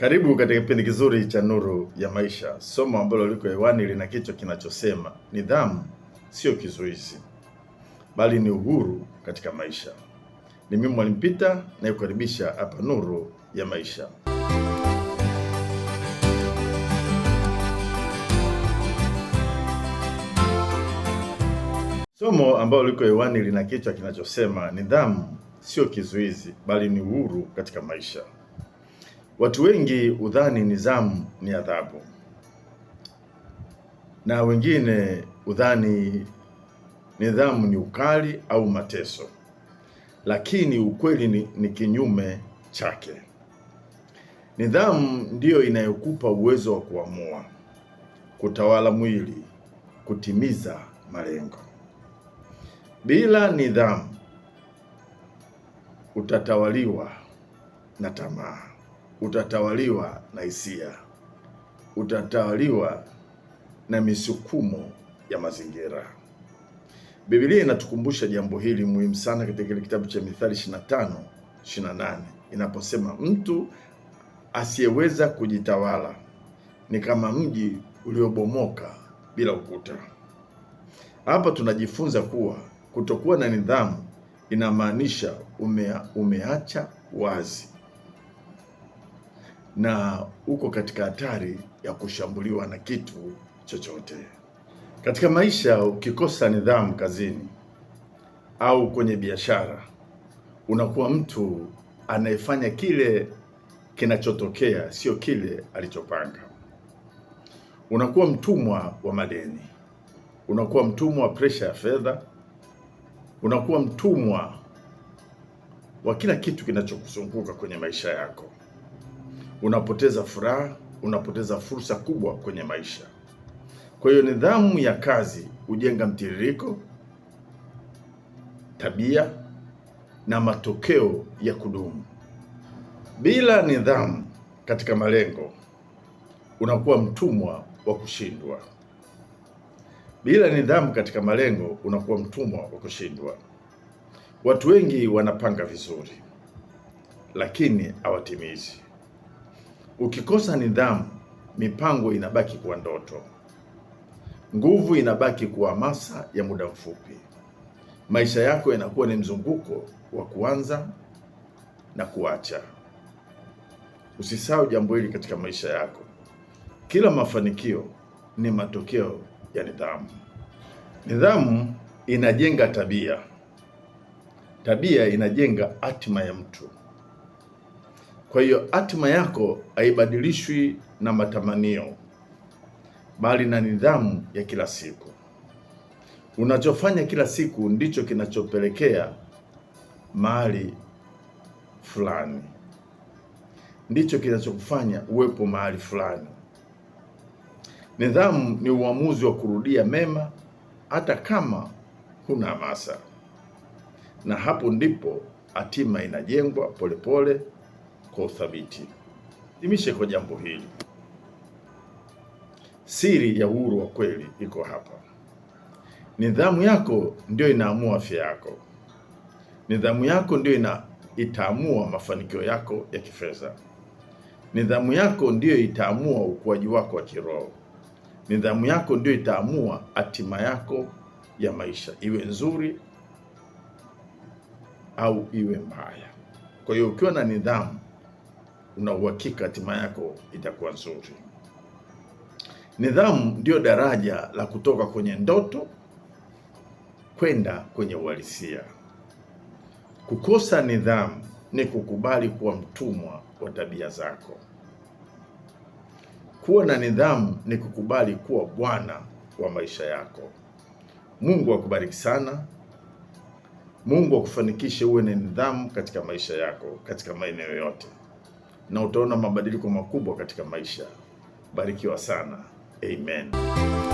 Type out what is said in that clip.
Karibu katika kipindi kizuri cha Nuru ya Maisha. Somo ambalo liko hewani lina kichwa kinachosema nidhamu sio kizuizi, bali ni uhuru katika maisha. Ni mimi Mwalimu Peter nayekukaribisha hapa Nuru ya Maisha. Somo ambalo liko hewani lina kichwa kinachosema nidhamu sio kizuizi, bali ni uhuru katika maisha. Watu wengi udhani nidhamu ni adhabu, na wengine udhani nidhamu ni ukali au mateso, lakini ukweli ni, ni kinyume chake. Nidhamu ndiyo inayokupa uwezo wa kuamua, kutawala mwili, kutimiza malengo. Bila nidhamu utatawaliwa na tamaa utatawaliwa na hisia, utatawaliwa na misukumo ya mazingira. Biblia inatukumbusha jambo hili muhimu sana katika kile kitabu cha Mithali 25 28 inaposema, mtu asiyeweza kujitawala ni kama mji uliobomoka bila ukuta. Hapa tunajifunza kuwa kutokuwa na nidhamu inamaanisha ume, umeacha wazi na uko katika hatari ya kushambuliwa na kitu chochote. Katika maisha, ukikosa nidhamu kazini au kwenye biashara, unakuwa mtu anayefanya kile kinachotokea, sio kile alichopanga. Unakuwa mtumwa wa madeni, unakuwa mtumwa wa presha ya fedha, unakuwa mtumwa wa kila kitu kinachokuzunguka kwenye maisha yako unapoteza furaha, unapoteza fursa kubwa kwenye maisha. Kwa hiyo nidhamu ya kazi hujenga mtiririko, tabia na matokeo ya kudumu. Bila nidhamu katika malengo, unakuwa mtumwa wa kushindwa. Bila nidhamu katika malengo, unakuwa mtumwa wa kushindwa. Watu wengi wanapanga vizuri, lakini hawatimizi. Ukikosa nidhamu, mipango inabaki kuwa ndoto, nguvu inabaki kuwa hamasa ya muda mfupi. Maisha yako yanakuwa ni mzunguko wa kuanza na kuacha. Usisahau jambo hili katika maisha yako, kila mafanikio ni matokeo ya nidhamu. Nidhamu inajenga tabia, tabia inajenga hatima ya mtu. Kwa hiyo hatima yako haibadilishwi na matamanio, bali na nidhamu ya kila siku. Unachofanya kila siku ndicho kinachopelekea mahali fulani, ndicho kinachokufanya uwepo mahali fulani. Nidhamu ni uamuzi wa kurudia mema hata kama huna hamasa, na hapo ndipo hatima inajengwa polepole pole, kwa uthabiti. Hitimishe kwa jambo hili, siri ya uhuru wa kweli iko hapa. Nidhamu yako ndio inaamua afya yako. Nidhamu yako ndio ina itaamua mafanikio yako ya kifedha. Nidhamu yako ndiyo itaamua ukuaji wako wa kiroho. Nidhamu yako ndio itaamua hatima yako ya maisha, iwe nzuri au iwe mbaya. Kwa hiyo ukiwa na nidhamu una uhakika hatima yako itakuwa nzuri. Nidhamu ndiyo daraja la kutoka kwenye ndoto kwenda kwenye uhalisia. Kukosa nidhamu ni kukubali kuwa mtumwa wa tabia zako. Kuwa na nidhamu ni kukubali kuwa bwana wa maisha yako. Mungu akubariki sana. Mungu akufanikishe uwe na nidhamu katika maisha yako, katika maeneo yote na utaona mabadiliko makubwa katika maisha. Barikiwa sana, amen.